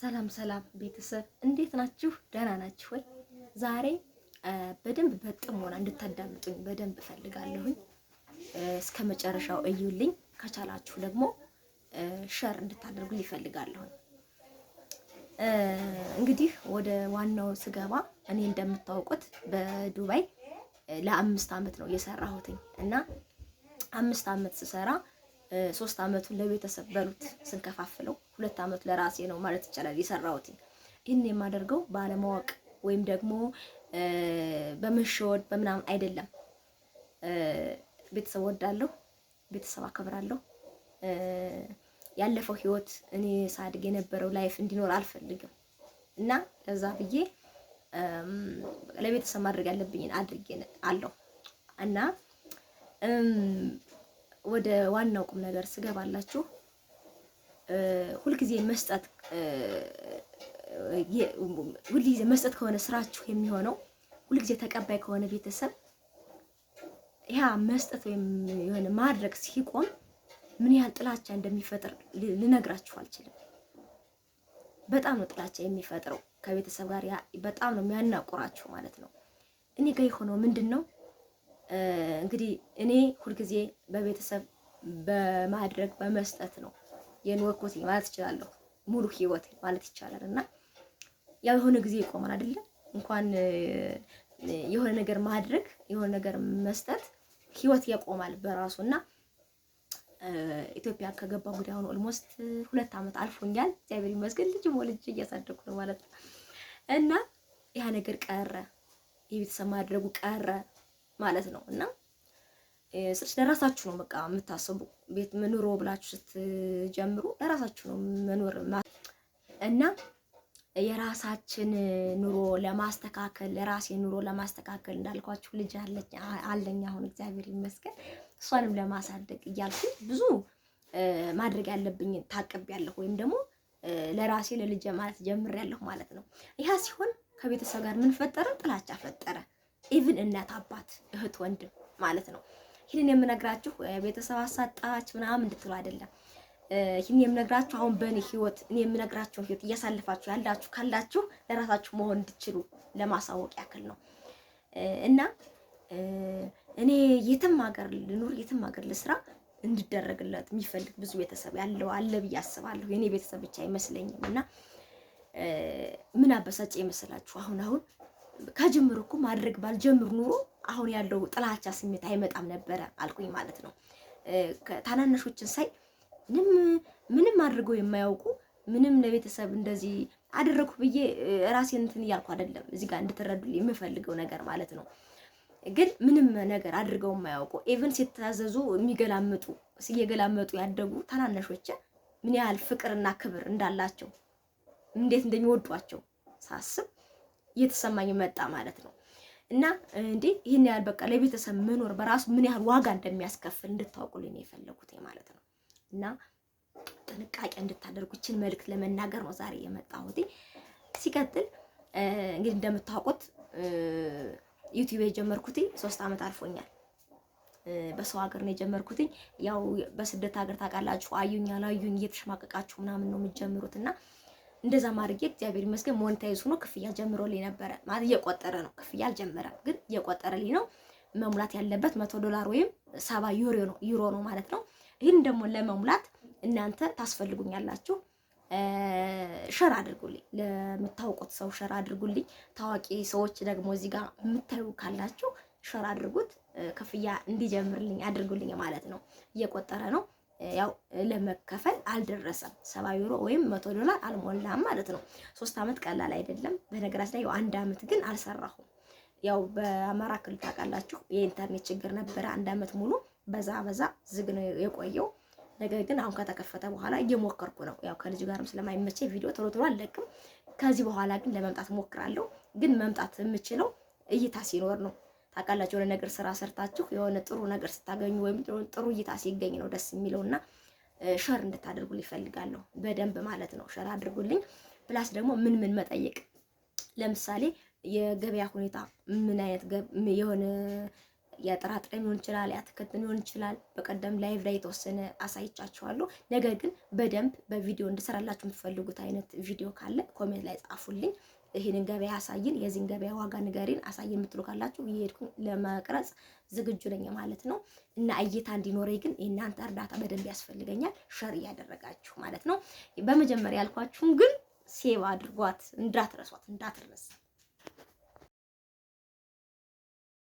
ሰላም ሰላም ቤተሰብ እንዴት ናችሁ? ደህና ናችሁ ወይ? ዛሬ በደንብ በጥሞና እንድታዳምጡኝ በደንብ እፈልጋለሁኝ። እስከ መጨረሻው እዩልኝ። ከቻላችሁ ደግሞ ሸር እንድታደርጉኝ ይፈልጋለሁኝ። እንግዲህ ወደ ዋናው ስገባ እኔ እንደምታውቁት በዱባይ ለአምስት ዓመት ነው የሰራሁትኝ እና አምስት ዓመት ስሰራ ሶስት አመቱን ለቤተሰብ በሉት ስንከፋፍለው ሁለት አመቱ ለራሴ ነው ማለት ይቻላል የሰራሁት። ይህን የማደርገው ባለማወቅ ወይም ደግሞ በመሸወድ በምናምን አይደለም። ቤተሰብ ወዳለሁ፣ ቤተሰብ አከብራለሁ። ያለፈው ህይወት እኔ ሳድግ የነበረው ላይፍ እንዲኖር አልፈልግም እና ለዛ ብዬ ለቤተሰብ ማድረግ ያለብኝን አድርጌ አለው እና ወደ ዋናው ቁም ነገር ስገባላችሁ ሁልጊዜ መስጠት ሁልጊዜ መስጠት ከሆነ ስራችሁ የሚሆነው ሁልጊዜ ተቀባይ ከሆነ ቤተሰብ ያ መስጠት ወይም የሆነ ማድረግ ሲቆም ምን ያህል ጥላቻ እንደሚፈጥር ልነግራችሁ አልችልም። በጣም ነው ጥላቻ የሚፈጥረው ከቤተሰብ ጋር፣ በጣም ነው የሚያናቁራችሁ ማለት ነው። እኔ ጋ የሆነው ምንድን ነው እንግዲህ እኔ ሁልጊዜ በቤተሰብ በማድረግ በመስጠት ነው የኖርኩት ማለት እችላለሁ። ሙሉ ህይወት ማለት ይቻላል እና ያው የሆነ ጊዜ ይቆማል አይደለ? እንኳን የሆነ ነገር ማድረግ የሆነ ነገር መስጠት ህይወት ያቆማል በራሱ እና ኢትዮጵያ ከገባ እንግዲህ አሁን ኦልሞስት ሁለት ዓመት አልፎኛል። እግዚአብሔር ይመስገን ልጅ ወልጅ እያሳደኩ ነው ማለት ነው እና ያ ነገር ቀረ፣ የቤተሰብ ማድረጉ ቀረ። ማለት ነው እና ስለዚህ ለራሳችሁ ነው በቃ የምታስቡ ቤት ኑሮ ብላችሁ ስትጀምሩ ለራሳችሁ ነው መኖር እና የራሳችን ኑሮ ለማስተካከል ለራሴ ኑሮ ለማስተካከል እንዳልኳችሁ ልጅ አለኝ አሁን እግዚአብሔር ይመስገን እሷንም ለማሳደግ እያልኩ ብዙ ማድረግ ያለብኝን ያለሁ ወይም ደግሞ ለራሴ ለልጄ ማለት ያለሁ ማለት ነው። ይህ ሲሆን ከቤተሰብ ጋር ምን ፈጠረ? ጥላቻ ፈጠረ። ኢቭን እናት አባት፣ እህት፣ ወንድም ማለት ነው። ይህንን የምነግራችሁ ቤተሰብ አሳጣች ምናምን እንድትሉ አይደለም። ይህን የምነግራችሁ አሁን በእኔ ህይወት እኔ የምነግራችሁ ህይወት እያሳልፋችሁ ያላችሁ ካላችሁ ለራሳችሁ መሆን እንድችሉ ለማሳወቅ ያክል ነው እና እኔ የትም ሀገር ልኑር የትም ሀገር ልስራ እንድደረግለት የሚፈልግ ብዙ ቤተሰብ ያለው አለ ብዬ አስባለሁ። የእኔ ቤተሰብ ብቻ አይመስለኝም እና ምን አበሳጭ ይመስላችሁ አሁን አሁን ከጅምር እኮ ማድረግ ባልጀምር ኑሮ አሁን ያለው ጥላቻ ስሜት አይመጣም ነበረ አልኩኝ ማለት ነው። ታናናሾችን ሳይ ምንም አድርገው የማያውቁ ምንም ለቤተሰብ እንደዚህ አደረኩ ብዬ ራሴን እንትን እያልኩ አይደለም። እዚህ ጋር እንድትረዱልኝ የምፈልገው ነገር ማለት ነው። ግን ምንም ነገር አድርገው የማያውቁ ኢቨን ሲታዘዙ የሚገላመጡ እየገላመጡ ያደጉ ታናናሾችን ምን ያህል ፍቅርና ክብር እንዳላቸው እንዴት እንደሚወዷቸው ሳስብ እየተሰማኝ መጣ ማለት ነው። እና እንዴ ይህን ያህል በቃ ለቤተሰብ መኖር በራሱ ምን ያህል ዋጋ እንደሚያስከፍል እንድታውቁልኝ ነው የፈለጉት ማለት ነው። እና ጥንቃቄ እንድታደርጉ ይችን መልእክት ለመናገር ነው ዛሬ የመጣሁት። ሲቀጥል እንግዲህ እንደምታውቁት ዩቲዩብ የጀመርኩት ሶስት ዓመት አልፎኛል። በሰው ሀገር ነው የጀመርኩትኝ። ያው በስደት ሀገር ታውቃላችሁ፣ አዩኝ አላዩኝ እየተሸማቀቃችሁ ምናምን ነው የምትጀምሩት እና እንደዛ ማድረጌ እግዚአብሔር ይመስገን ሞኔታይዝ ሆኖ ክፍያ ጀምሮልኝ ነበረ። ማለት እየቆጠረ ነው፣ ክፍያ አልጀመረም፣ ግን እየቆጠረልኝ ነው። መሙላት ያለበት መቶ ዶላር ወይም ሰባ ዩሮ ነው ዩሮ ነው ማለት ነው። ይህን ደግሞ ለመሙላት እናንተ ታስፈልጉኛላችሁ። ሸር አድርጉልኝ፣ ለምታውቁት ሰው ሸር አድርጉልኝ። ታዋቂ ሰዎች ደግሞ እዚህ ጋር የምታዩ ካላችሁ ሸር አድርጉት፣ ክፍያ እንዲጀምርልኝ አድርጉልኝ ማለት ነው። እየቆጠረ ነው። ያው ለመከፈል አልደረሰም። ሰባ ዩሮ ወይም መቶ ዶላር አልሞላም ማለት ነው። ሶስት ዓመት ቀላል አይደለም። በነገራችን ላይ አንድ ዓመት ግን አልሰራሁም። ያው በአማራ ክልል ታውቃላችሁ የኢንተርኔት ችግር ነበረ። አንድ ዓመት ሙሉ በዛ በዛ ዝግ ነው የቆየው። ነገር ግን አሁን ከተከፈተ በኋላ እየሞከርኩ ነው። ያው ከልጅ ጋርም ስለማይመቼ ቪዲዮ ቶሎ ቶሎ አለቅም። ከዚህ በኋላ ግን ለመምጣት ሞክራለሁ። ግን መምጣት የምችለው እይታ ሲኖር ነው። ታውቃላችሁ፣ የሆነ ነገር ስራ ሰርታችሁ የሆነ ጥሩ ነገር ስታገኙ ወይም ጥሩ እይታ ሲገኝ ነው ደስ የሚለውና ሸር እንድታደርጉ ይፈልጋለሁ። በደንብ ማለት ነው ሸር አድርጉልኝ። ፕላስ ደግሞ ምን ምን መጠየቅ ለምሳሌ የገበያ ሁኔታ ምን አይነት የሆነ የጥራጥሬም ሊሆን ይችላል፣ የአትክልትም ሊሆን ይችላል። በቀደም ላይቭ ላይ የተወሰነ አሳይቻችኋለሁ። ነገር ግን በደንብ በቪዲዮ እንድሰራላችሁ የምትፈልጉት አይነት ቪዲዮ ካለ ኮሜንት ላይ ጻፉልኝ። ይሄንን ገበያ አሳይን፣ የዚህን ገበያ ዋጋ ንገሪን፣ አሳይን የምትሉ ካላችሁ ለመቅረጽ ዝግጁ ነኝ ማለት ነው። እና እይታ እንዲኖረኝ ግን የእናንተ እርዳታ በደንብ ያስፈልገኛል፣ ሸር እያደረጋችሁ ማለት ነው። በመጀመሪያ ያልኳችሁን ግን ሴቭ አድርጓት፣ እንዳትረሷት፣ እንዳትረሳ